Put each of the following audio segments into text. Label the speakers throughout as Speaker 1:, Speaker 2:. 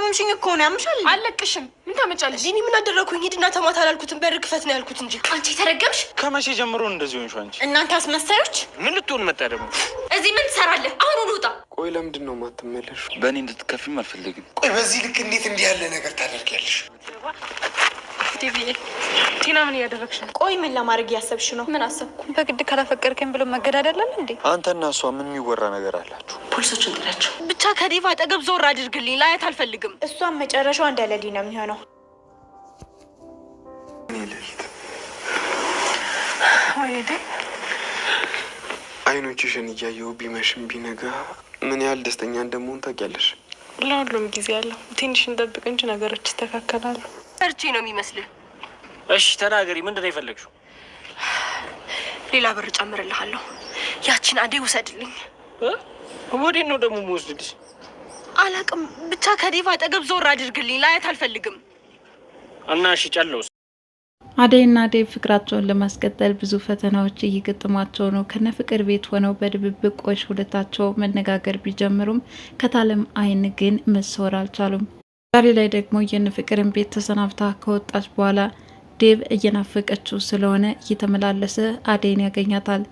Speaker 1: ካመምሽኝ እኮ ነው ያምሻል።
Speaker 2: አለቅሽም። ምን ታመጫለሽ?
Speaker 1: ዲኒ ምን አደረግኩኝ? ሂድና ተማት አላልኩትም። በር ክፈት ነው ያልኩት እንጂ
Speaker 2: አንቺ ተረገምሽ።
Speaker 3: ከመቼ ጀምሮ እንደዚህ ሆንሽ አንቺ?
Speaker 2: እናንተ አስመሳዮች!
Speaker 3: ምን ልትሆን መጣ ደግሞ?
Speaker 2: እዚህ ምን ትሰራለህ? አሁን ውጣ።
Speaker 4: ቆይ ለምንድን ነው የማትመለሺው?
Speaker 5: በእኔ እንድትከፊም አልፈልግም።
Speaker 6: ቆይ በዚህ ልክ እንዴት እንዲህ ያለ ነገር ታደርጊያለሽ?
Speaker 7: ዲቪኤ ቲና ምን እያደረግሽ ነው?
Speaker 8: ቆይ ምን ለማድረግ እያሰብሽ ነው?
Speaker 9: ምን አሰብኩ? በግድ ካላፈቀርከኝ ብሎ አይደለም እንዴ? አንተና እሷ ምን የሚወራ ነገር አላችሁ? ፖሊሶችን ጥሪያቸው። ብቻ ከዲቫ አጠገብ ዞር አድርግልኝ፣ ላያት አልፈልግም። እሷን መጨረሻዋ እንዳለሊ ነው የሚሆነው። አይኖችሽን እያየው ቢመሽም ቢነጋ ምን ያህል ደስተኛ እንደመሆን ታውቂያለሽ። ለሁሉም ጊዜ አለው። ትንሽ እንጠብቅ እንጂ ነገሮች ይስተካከላሉ። ሰርቼ ነው የሚመስልህ። እሺ ተናገሪ፣ ምንድን ነው የፈለግሽው? ሌላ ብር ጨምርልሃለሁ። ያቺን አዴ ውሰድልኝ። ወዴት ነው ደግሞ መወስድልሽ? አላቅም። ብቻ ከዴቭ አጠገብ ዞር አድርግልኝ፣ ላያት አልፈልግም። እና እሺ ጨለውስ አደይና ዴቭ ፍቅራቸውን ለማስቀጠል ብዙ ፈተናዎች እየገጠሟቸው ነው። ከነ ፍቅር ቤት ሆነው በድብብቆች ሁለታቸው መነጋገር ቢጀምሩም ከታለም አይን ግን መሰወር አልቻሉም። ዛሬ ላይ ደግሞ የን ፍቅርን ቤት ተሰናብታ ከወጣች በኋላ ዴቭ እየናፈቀችው ስለሆነ እየተመላለሰ አደይን ያገኛታል።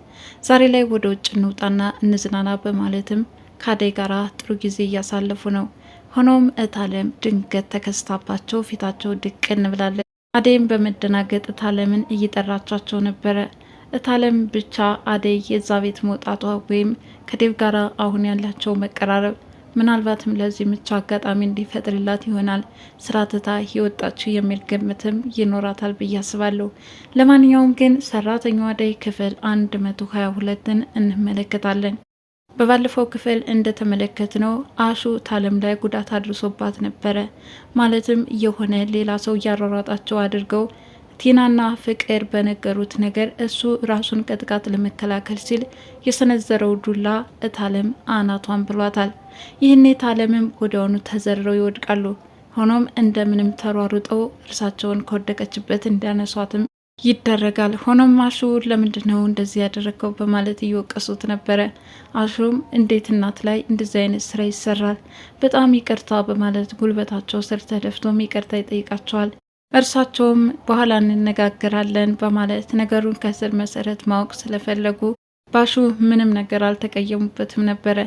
Speaker 9: ዛሬ ላይ ወደ ውጭ እንውጣና እንዝናና በማለትም ከአደይ ጋር ጥሩ ጊዜ እያሳለፉ ነው። ሆኖም እታለም ድንገት ተከስታባቸው ፊታቸው ድቅ እንብላለን። አደይም በመደናገጥ እታለምን እየጠራቻቸው ነበረ። እታለም ብቻ አደይ የዛ ቤት መውጣቷ ወይም ከዴቭ ጋር አሁን ያላቸው መቀራረብ ምናልባትም ለዚህ ምቹ አጋጣሚ እንዲፈጥርላት ይሆናል ስራ ትታ የወጣችው የሚል ግምትም ይኖራታል ብዬ አስባለሁ። ለማንኛውም ግን ሰራተኛዋ አደይ ክፍል 122ን እንመለከታለን። በባለፈው ክፍል እንደተመለከትነው አሹ ታለም ላይ ጉዳት አድርሶባት ነበረ። ማለትም የሆነ ሌላ ሰው እያሯሯጣቸው አድርገው ቲናና ፍቅር በነገሩት ነገር እሱ ራሱን ከጥቃት ለመከላከል ሲል የሰነዘረው ዱላ እታለም አናቷን ብሏታል። ይህኔ እታለምም ወዲያውኑ ተዘርረው ይወድቃሉ። ሆኖም እንደምንም ተሯሩጠው እርሳቸውን ከወደቀችበት እንዲያነሷትም ይደረጋል። ሆኖም አሹ ለምንድን ነው እንደዚህ ያደረግከው በማለት እየወቀሱት ነበረ። አሹም እንዴት እናት ላይ እንደዚህ አይነት ስራ ይሰራል? በጣም ይቅርታ በማለት ጉልበታቸው ስር ተደፍቶም ይቅርታ ይጠይቃቸዋል። እርሳቸውም በኋላ እንነጋገራለን በማለት ነገሩን ከስር መሰረት ማወቅ ስለፈለጉ ባሹ ምንም ነገር አልተቀየሙበትም ነበረ።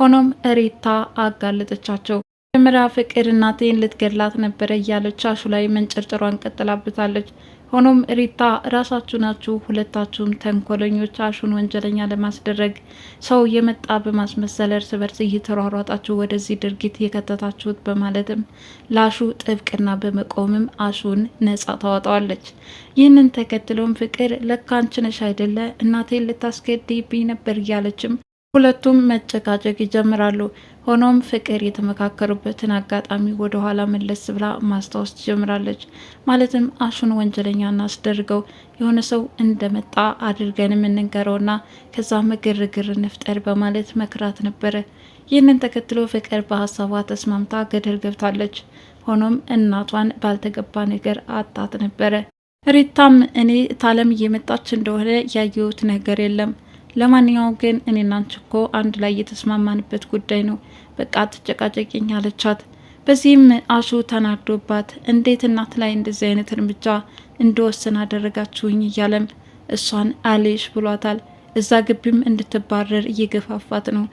Speaker 9: ሆኖም እሬታ አጋለጠቻቸው። መጀመሪያ ፍቅር እናቴን ልትገድላት ነበረ እያለች አሹ ላይ መንጨርጨሯን ቀጥላበታለች። ሆኖም ሪታ ራሳችሁ ናችሁ ሁለታችሁም ተንኮለኞች፣ አሹን ወንጀለኛ ለማስደረግ ሰው የመጣ በማስመሰል እርስ በርስ እየተሯሯጣችሁ ወደዚህ ድርጊት የከተታችሁት በማለትም ለአሹ ጥብቅና በመቆምም አሹን ነጻ ታወጣዋለች። ይህንን ተከትሎም ፍቅር ለካ አንቺ ነሽ አይደለ እናቴን ልታስገድይብኝ ነበር እያለችም ሁለቱም መጨቃጨቅ ይጀምራሉ። ሆኖም ፍቅር የተመካከሩበትን አጋጣሚ ወደ ኋላ መለስ ብላ ማስታወስ ትጀምራለች። ማለትም አሹን ወንጀለኛ እናስደርገው የሆነ ሰው እንደመጣ አድርገንም እንንገረውና ከዛ ግርግር እንፍጠር በማለት መክራት ነበረ። ይህንን ተከትሎ ፍቅር በሀሳቧ ተስማምታ ገደል ገብታለች። ሆኖም እናቷን ባልተገባ ነገር አጣት ነበረ። ሪታም እኔ ታለም እየመጣች እንደሆነ ያየሁት ነገር የለም ለማንኛውም ግን እኔ እናንቺ እኮ አንድ ላይ የተስማማንበት ጉዳይ ነው፣ በቃ አትጨቃጨቂኝ አለቻት። በዚህም አሹ ተናዶባት እንዴት እናት ላይ እንደዚህ አይነት እርምጃ እንደወሰን አደረጋችሁኝ እያለም እሷን አሌሽ ብሏታል። እዛ ግቢም እንድትባረር እየገፋፋት ነው።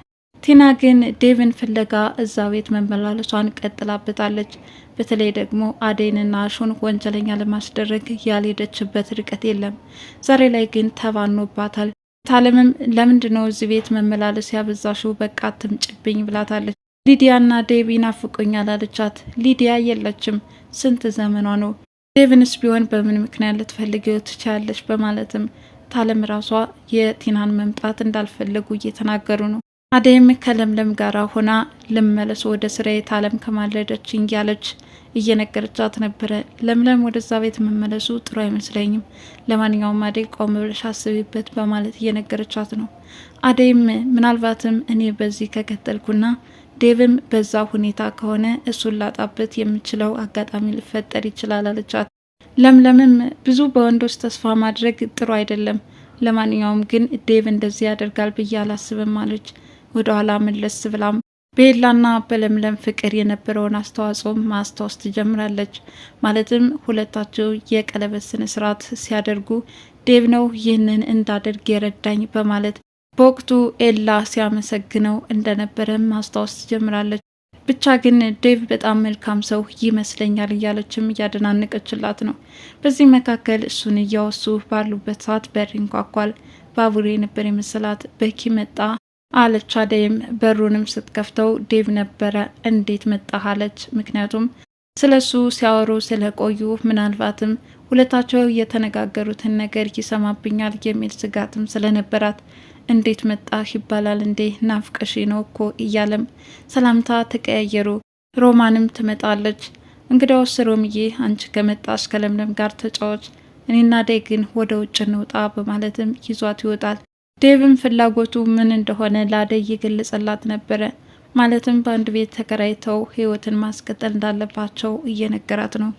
Speaker 9: ቲና ግን ዴቭን ፍለጋ እዛ ቤት መመላለሷን ቀጥላበታለች። በተለይ ደግሞ አደይንና አሹን ወንጀለኛ ለማስደረግ ያልሄደችበት ርቀት የለም። ዛሬ ላይ ግን ተባኖባታል። ታለምም ለምንድ ነው እዚህ ቤት መመላለስ ያበዛሹ? በቃ ትምጭብኝ ብላታለች። ሊዲያና ዴብ ይናፍቁኛል አለቻት። ሊዲያ የለችም፣ ስንት ዘመኗ ነው። ዴቭንስ ቢሆን በምን ምክንያት ልትፈልገው ትችላለች? በማለትም ታለም ራሷ የቲናን መምጣት እንዳልፈለጉ እየተናገሩ ነው። አደይም ከለምለም ጋር ሆና ልመለስ ወደ ስራዬ ታለም ከማለደች እንጊያለች እየነገረቻት ነበረ። ለምለም ወደዛ ቤት መመለሱ ጥሩ አይመስለኝም፣ ለማንኛውም አደይ ቆም ብለሽ አስቢበት በማለት እየነገረቻት ነው። አደይም ምናልባትም እኔ በዚህ ከቀጠልኩና ዴቭም በዛ ሁኔታ ከሆነ እሱን ላጣበት የምችለው አጋጣሚ ሊፈጠር ይችላል አለቻት። ለምለምም ብዙ በወንዶች ተስፋ ማድረግ ጥሩ አይደለም፣ ለማንኛውም ግን ዴቭ እንደዚህ ያደርጋል ብዬ አላስብም አለች። ወደኋላ መለስ ብላም በኤላና በለምለም ፍቅር የነበረውን አስተዋጽኦ ማስታወስ ትጀምራለች። ማለትም ሁለታቸው የቀለበት ስነስርዓት ሲያደርጉ ዴብ ነው ይህንን እንዳደርግ የረዳኝ በማለት በወቅቱ ኤላ ሲያመሰግነው እንደነበረ ማስታወስ ትጀምራለች። ብቻ ግን ዴቭ በጣም መልካም ሰው ይመስለኛል እያለችም እያደናነቀችላት ነው። በዚህ መካከል እሱን እያወሱ ባሉበት ሰዓት በር ይንኳኳል። ባቡሬ ነበር የመሰላት። በኪ መጣ። አለች። አደይም በሩንም ስትከፍተው ዴቭ ነበረ። እንዴት መጣህ አለች። ምክንያቱም ስለ እሱ ሲያወሩ ስለቆዩ ምናልባትም ሁለታቸው የተነጋገሩትን ነገር ይሰማብኛል የሚል ስጋትም ስለነበራት እንዴት መጣህ ይባላል እንዴ ናፍቀሽ ነው እኮ እያለም ሰላምታ ተቀያየሩ። ሮማንም ትመጣለች። እንግዲያውስ ሮምዬ አንቺ ከመጣሽ ከለምለም ጋር ተጫወች፣ እኔና አደይ ግን ወደ ውጭ እንውጣ በማለትም ይዟት ይወጣል። ዴቭም ፍላጎቱ ምን እንደሆነ ለአደይ ይገልጽላት ነበረ። ማለትም በአንድ ቤት ተከራይተው ህይወትን ማስቀጠል እንዳለባቸው እየነገራት ነው።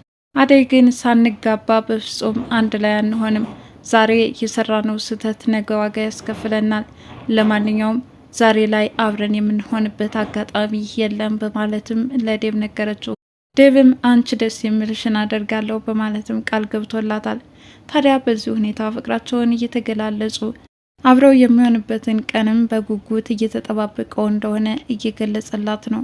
Speaker 9: አደይ ግን ሳንጋባ በፍጹም አንድ ላይ አንሆንም፣ ዛሬ የሰራነው ስህተት ነገ ዋጋ ያስከፍለናል፣ ለማንኛውም ዛሬ ላይ አብረን የምንሆንበት አጋጣሚ የለም በማለትም ለዴቭ ነገረችው። ዴቭም አንቺ ደስ የሚልሽን አደርጋለሁ በማለትም ቃል ገብቶላታል። ታዲያ በዚህ ሁኔታ ፍቅራቸውን እየተገላለጹ አብረው የሚሆንበትን ቀንም በጉጉት እየተጠባበቀው እንደሆነ እየገለጸላት ነው።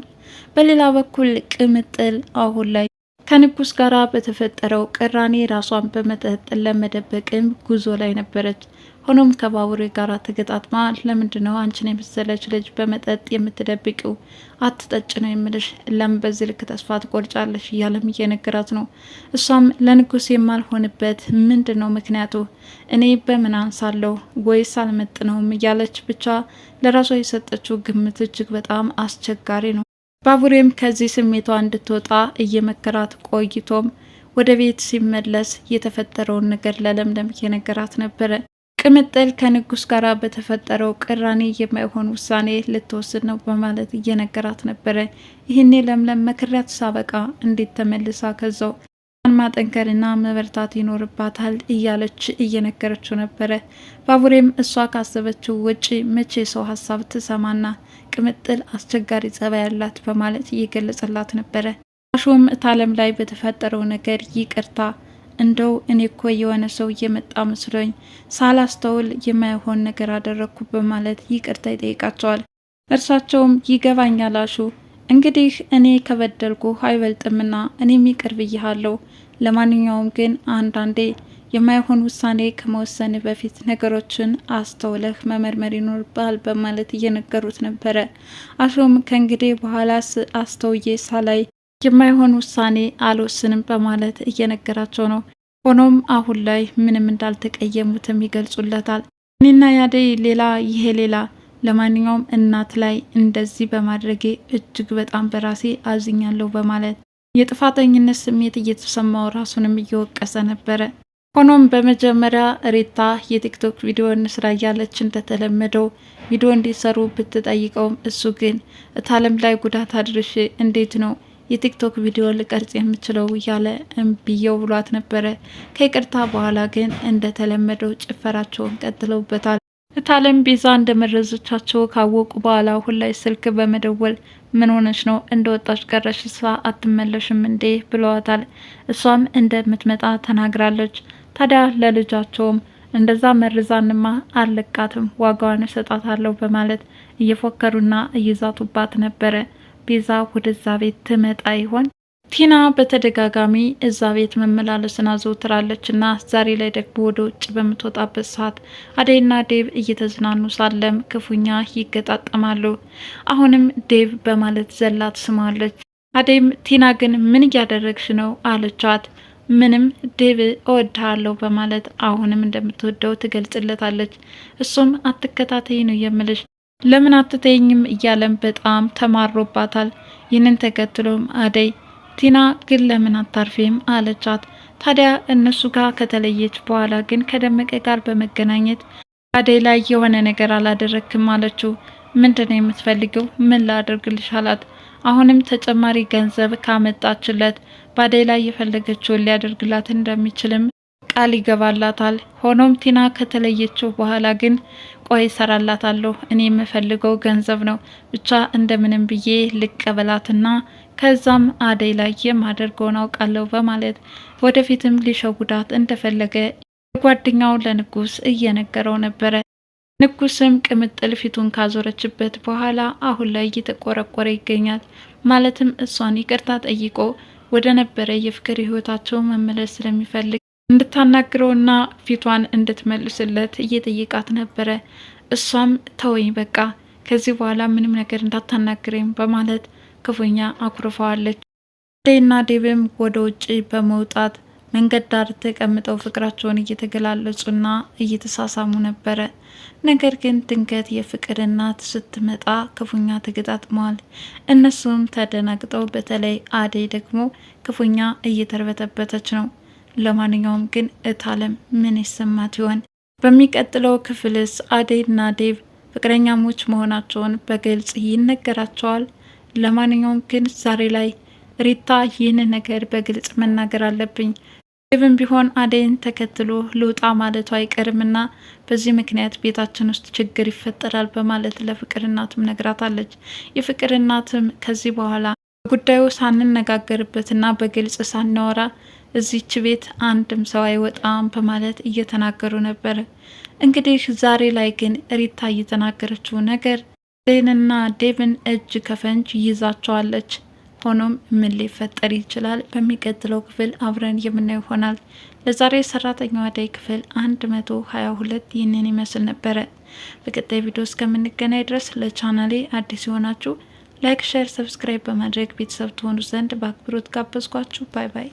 Speaker 9: በሌላ በኩል ቅምጥል አሁን ላይ ከንጉስ ጋር በተፈጠረው ቅራኔ ራሷን በመጠጥ ለመደበቅም ጉዞ ላይ ነበረች። ሆኖም ከባቡሬ ጋር ተገጣጥማ ለምንድን ነው አንቺን የመሰለች ልጅ በመጠጥ የምትደብቂው? አትጠጭ ነው የምልሽ። ለም በዚህ ልክ ተስፋ ትቆርጫለሽ? እያለም እየነገራት ነው። እሷም ለንጉስ የማልሆንበት ምንድን ነው ምክንያቱ? እኔ በምን አንሳለሁ ወይስ አልመጥነውም? እያለች ብቻ ለራሷ የሰጠችው ግምት እጅግ በጣም አስቸጋሪ ነው። ባቡሬም ከዚህ ስሜቷ እንድትወጣ እየመከራት ቆይቶም ወደ ቤት ሲመለስ የተፈጠረውን ነገር ለለምለም እየነገራት ነበረ። ቅምጥል ከንጉስ ጋር በተፈጠረው ቅራኔ የማይሆን ውሳኔ ልትወስድ ነው በማለት እየነገራት ነበረ። ይህኔ ለምለም መክሪያት ሳበቃ እንዴት ተመልሳ ከዛው ማጠንከርና መበርታት ይኖርባታል እያለች እየነገረችው ነበረ። ባቡሬም እሷ ካሰበችው ውጪ መቼ ሰው ሀሳብ ትሰማና ቅምጥል አስቸጋሪ ጸባይ ያላት በማለት እየገለጸላት ነበረ። አሹም ታለም ላይ በተፈጠረው ነገር ይቅርታ እንደው እኔ እኮ የሆነ ሰው እየመጣ መስሎኝ ሳላስተውል የማይሆን ነገር አደረግኩ በማለት ይቅርታ ይጠይቃቸዋል። እርሳቸውም ይገባኛል አሹ፣ እንግዲህ እኔ ከበደልኩ አይበልጥምና እኔም ይቅር ብያለሁ። ለማንኛውም ግን አንዳንዴ የማይሆን ውሳኔ ከመወሰን በፊት ነገሮችን አስተውለህ መመርመር ይኖርብሃል በማለት እየነገሩት ነበረ። አሹም ከእንግዲህ በኋላስ አስተውዬ ሳላይ የማይሆን ውሳኔ አልወስንም በማለት እየነገራቸው ነው። ሆኖም አሁን ላይ ምንም እንዳልተቀየሙትም ይገልጹለታል። እኔና ያደይ ሌላ ይሄ ሌላ ለማንኛውም እናት ላይ እንደዚህ በማድረጌ እጅግ በጣም በራሴ አዝኛለሁ በማለት የጥፋተኝነት ስሜት እየተሰማው ራሱንም እየወቀሰ ነበረ። ሆኖም በመጀመሪያ ሬታ የቲክቶክ ቪዲዮ እንስራ እያለች እንደተለመደው ቪዲዮ እንዲሰሩ ብትጠይቀውም እሱ ግን እታለም ላይ ጉዳት አድርሽ እንዴት ነው የቲክቶክ ቪዲዮ ልቀርጽ የምችለው እያለ እምቢየው ብሏት ነበረ። ከይቅርታ በኋላ ግን እንደተለመደው ጭፈራቸውን ቀጥለውበታል። እታለም ቤዛ እንደመረዘቻቸው ካወቁ በኋላ አሁን ላይ ስልክ በመደወል ምን ሆነች ነው እንደ ወጣች ቀረሽ እሷ አትመለሽም እንዴ ብለዋታል። እሷም እንደምትመጣ ተናግራለች። ታዲያ ለልጃቸውም እንደዛ መርዛንማ አልለቃትም ዋጋዋን እሰጣታለሁ በማለት እየፎከሩና እይዛቱባት ነበረ። ቤዛ ወደዛ ቤት ትመጣ ይሆን? ቲና በተደጋጋሚ እዛ ቤት መመላለስን አዘውትራለች እና ዛሬ ላይ ደግሞ ወደ ውጭ በምትወጣበት ሰዓት አደይና ዴቭ እየተዝናኑ ሳለም ክፉኛ ይገጣጠማሉ። አሁንም ዴቭ በማለት ዘላት ስማለች። አደይም ቲና ግን ምን እያደረግሽ ነው አለቻት። ምንም ዴቭ እወድሃለሁ በማለት አሁንም እንደምትወደው ትገልጽለታለች። እሱም አትከታተይ ነው የምልሽ ለምን አትተኝም እያለም በጣም ተማሮባታል። ይህንን ተከትሎም አደይ ቲና ግን ለምን አታርፌም አለቻት። ታዲያ እነሱ ጋር ከተለየች በኋላ ግን ከደመቀ ጋር በመገናኘት አደይ ላይ የሆነ ነገር አላደረክም አለችው። ምንድነው የምትፈልገው? ምን ላደርግልሽ አላት። አሁንም ተጨማሪ ገንዘብ ካመጣችለት በአደይ ላይ የፈለገችውን ሊያደርግላት እንደሚችልም ቃል ይገባላታል። ሆኖም ቲና ከተለየችው በኋላ ግን ቆይ ሰራላታለሁ፣ እኔ የምፈልገው ገንዘብ ነው፣ ብቻ እንደምንም ብዬ ልቀበላትና ከዛም አደይ ላይ የማደርገውን አውቃለሁ በማለት ወደፊትም ሊሸውዳት እንደፈለገ ጓደኛው ለንጉስ እየነገረው ነበረ። ንጉስም ቅምጥል ፊቱን ካዞረችበት በኋላ አሁን ላይ እየተቆረቆረ ይገኛል። ማለትም እሷን ይቅርታ ጠይቆ ወደ ነበረ የፍቅር ህይወታቸው መመለስ ስለሚፈልግ እንድታናግረውና ፊቷን እንድትመልስለት እየጠየቃት ነበረ። እሷም ተወኝ በቃ ከዚህ በኋላ ምንም ነገር እንዳታናግረኝ በማለት ክፉኛ አኩርፈዋለች። አደይና ዴብም ወደ ውጭ በመውጣት መንገድ ዳር ተቀምጠው ፍቅራቸውን እየተገላለጹና እየተሳሳሙ ነበረ። ነገር ግን ድንገት የፍቅር እናት ስትመጣ ክፉኛ ተገጣጥመዋል። እነሱም ተደናግጠው፣ በተለይ አደይ ደግሞ ክፉኛ እየተርበተበተች ነው። ለማንኛውም ግን እታለም ምን ይሰማት ይሆን? በሚቀጥለው ክፍልስ አዴና ዴቭ ፍቅረኛሞች መሆናቸውን በግልጽ ይነገራቸዋል? ለማንኛውም ግን ዛሬ ላይ ሪታ ይህን ነገር በግልጽ መናገር አለብኝ። ዴቭም ቢሆን አዴን ተከትሎ ልውጣ ማለቱ አይቀርምና በዚህ ምክንያት ቤታችን ውስጥ ችግር ይፈጠራል በማለት ለፍቅር እናትም ነግራታለች። የፍቅር እናትም ከዚህ በኋላ ጉዳዩ ሳንነጋገርበትና በግልጽ ሳናወራ እዚች ቤት አንድም ሰው አይወጣም በማለት እየተናገሩ ነበር። እንግዲህ ዛሬ ላይ ግን ሪታ እየተናገረችው ነገር ዴንና ዴቭን እጅ ከፈንጅ ይዛቸዋለች። ሆኖም ምን ሊፈጠር ይችላል? በሚቀጥለው ክፍል አብረን የምናየው ይሆናል። ለዛሬ ሰራተኛዋ አደይ ክፍል 122 ይህንን ይመስል ነበረ። በቀጣይ ቪዲዮ እስከምንገናኝ ድረስ ለቻናሌ አዲስ የሆናችሁ ላይክ፣ ሼር፣ ሰብስክራይብ በማድረግ ቤተሰብ ትሆኑ ዘንድ በአክብሮት ጋበዝኳችሁ። ባይ ባይ።